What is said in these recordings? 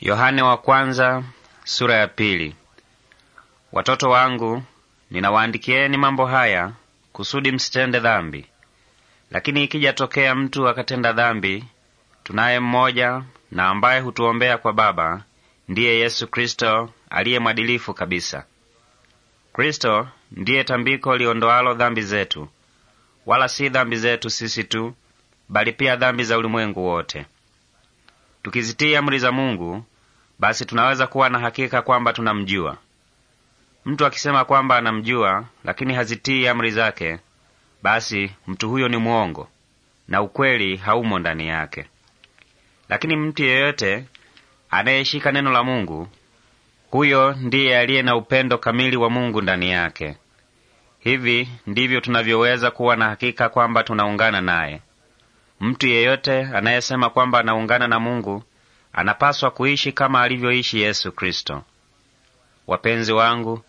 Yohane wa kwanza, sura ya pili. Watoto wangu, ninawaandikieni mambo haya kusudi msitende dhambi. Lakini ikijatokea mtu akatenda dhambi, tunaye mmoja na ambaye hutuombea kwa Baba, ndiye Yesu Kristo aliye mwadilifu kabisa. Kristo ndiye tambiko liondoalo dhambi zetu, wala si dhambi zetu sisi tu, bali pia dhambi za ulimwengu wote. Tukizitii amri za Mungu basi tunaweza kuwa na hakika kwamba tunamjua. Mtu akisema kwamba anamjua lakini hazitii amri zake, basi mtu huyo ni mwongo na ukweli haumo ndani yake. Lakini mtu yeyote anayeshika neno la Mungu, huyo ndiye aliye na upendo kamili wa Mungu ndani yake. Hivi ndivyo tunavyoweza kuwa na hakika kwamba tunaungana naye. Mtu yeyote anayesema kwamba anaungana na Mungu anapaswa kuishi kama alivyoishi Yesu Kristo. Wapenzi wangu,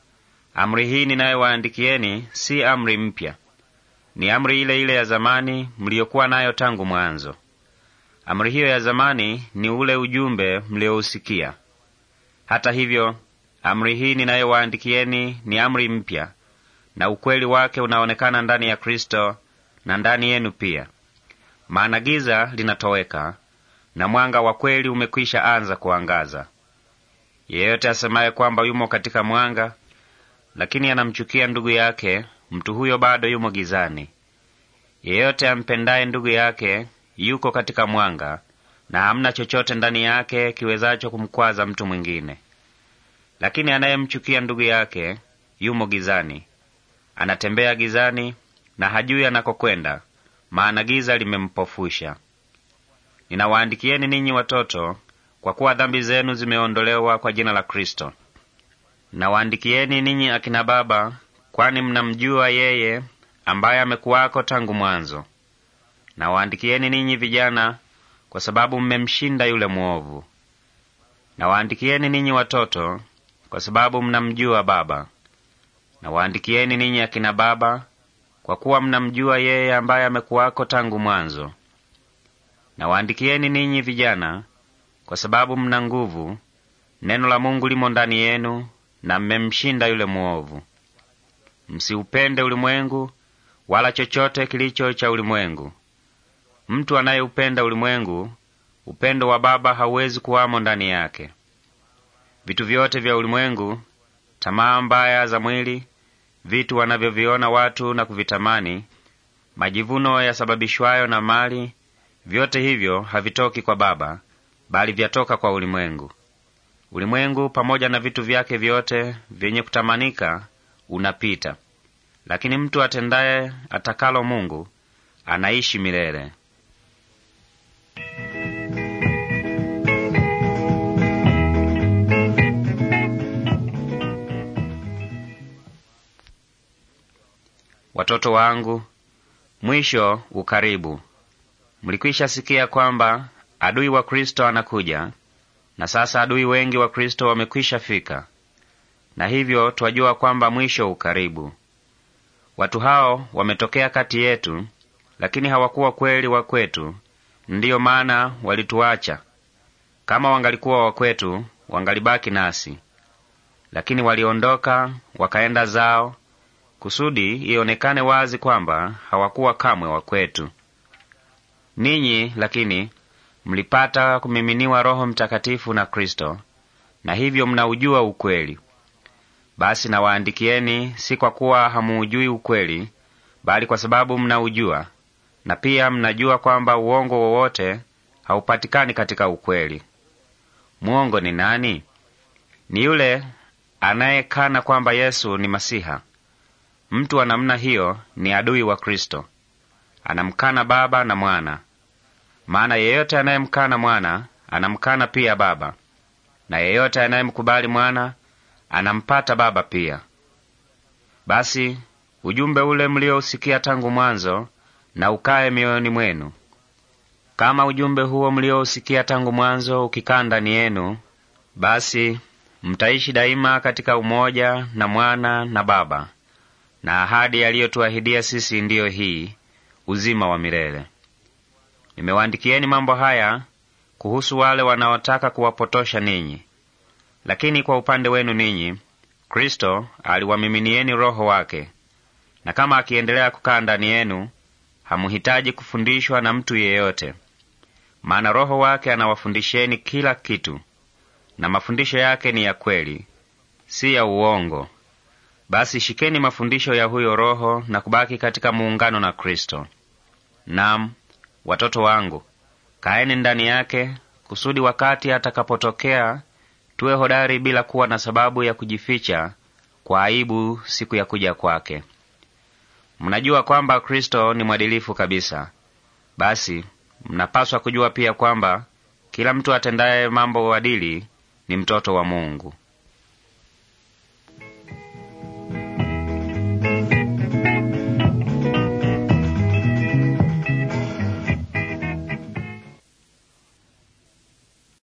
amri hii ninayowaandikieni si amri mpya, ni amri ile ile ya zamani mliyokuwa nayo tangu mwanzo. Amri hiyo ya zamani ni ule ujumbe mliousikia. Hata hivyo, amri hii ninayowaandikieni ni amri mpya, na ukweli wake unaonekana ndani ya Kristo na ndani yenu pia, maana giza linatoweka na mwanga wa kweli umekwisha anza kuangaza. Yeyote asemaye kwamba yumo katika mwanga, lakini anamchukia ndugu yake, mtu huyo bado yumo gizani. Yeyote ampendaye ndugu yake yuko katika mwanga, na hamna chochote ndani yake kiwezacho kumkwaza mtu mwingine. Lakini anayemchukia ndugu yake yumo gizani, anatembea gizani na hajui anakokwenda, maana giza limempofusha. Ninawaandikieni ninyi watoto, kwa kuwa dhambi zenu zimeondolewa kwa jina la Kristo. Nawaandikieni ninyi akina baba, kwani mnamjua yeye ambaye amekuwako tangu mwanzo. Nawaandikieni ninyi vijana, kwa sababu mmemshinda yule mwovu. Nawaandikieni ninyi watoto, kwa sababu mnamjua Baba. Nawaandikieni ninyi akina baba, kwa kuwa mnamjua yeye ambaye amekuwako tangu mwanzo. Nawaandikieni ninyi vijana, kwa sababu mna nguvu, neno la Mungu limo ndani yenu, na mmemshinda yule mwovu. Msiupende ulimwengu wala chochote kilicho cha ulimwengu. Mtu anayeupenda ulimwengu, upendo wa Baba hauwezi kuwamo ndani yake. Vitu vyote vya ulimwengu, tamaa mbaya za mwili, vitu wanavyoviona watu na kuvitamani, majivuno yasababishwayo na mali Vyote hivyo havitoki kwa Baba, bali vyatoka kwa ulimwengu. Ulimwengu pamoja na vitu vyake vyote vyenye kutamanika unapita, lakini mtu atendaye atakalo Mungu anaishi milele. Watoto wangu, mwisho ukaribu. Mlikwisha sikia kwamba adui wa Kristo anakuja, na sasa adui wengi wa Kristo wamekwisha fika, na hivyo twajua kwamba mwisho ukaribu. Watu hao wametokea kati yetu, lakini hawakuwa kweli wa kwetu, ndiyo maana walituacha. Kama wangalikuwa wa kwetu, wangalibaki nasi, lakini waliondoka wakaenda zao, kusudi ionekane wazi kwamba hawakuwa kamwe wa kwetu. Ninyi lakini mlipata kumiminiwa Roho Mtakatifu na Kristo, na hivyo mnaujua ukweli. Basi nawaandikieni si kwa kuwa hamuujui ukweli, bali kwa sababu mnaujua, na pia mnajua kwamba uongo wowote haupatikani katika ukweli. Mwongo ni nani? Ni yule anayekana kwamba Yesu ni Masiha. Mtu wa namna hiyo ni adui wa Kristo anamkana Baba na Mwana. Maana yeyote anayemkana Mwana anamkana pia Baba, na yeyote anayemkubali Mwana anampata Baba pia. Basi ujumbe ule mliousikia tangu mwanzo na ukae mioyoni mwenu. Kama ujumbe huo mliousikia tangu mwanzo ukikaa ndani yenu, basi mtaishi daima katika umoja na Mwana na Baba. Na ahadi aliyotuahidia sisi ndiyo hii, uzima wa milele. Nimewaandikieni mambo haya kuhusu wale wanaotaka kuwapotosha ninyi, lakini kwa upande wenu ninyi, Kristo aliwamiminieni Roho wake, na kama akiendelea kukaa ndani yenu, hamuhitaji kufundishwa na mtu yeyote, maana Roho wake anawafundisheni kila kitu, na mafundisho yake ni ya kweli, si ya uongo. Basi shikeni mafundisho ya huyo Roho na kubaki katika muungano na Kristo. Nam, watoto wangu, kaeni ndani yake, kusudi wakati atakapotokea tuwe hodari bila kuwa na sababu ya kujificha kwa aibu siku ya kuja kwake. Mnajua kwamba Kristo ni mwadilifu kabisa. Basi mnapaswa kujua pia kwamba kila mtu atendaye mambo adili ni mtoto wa Mungu.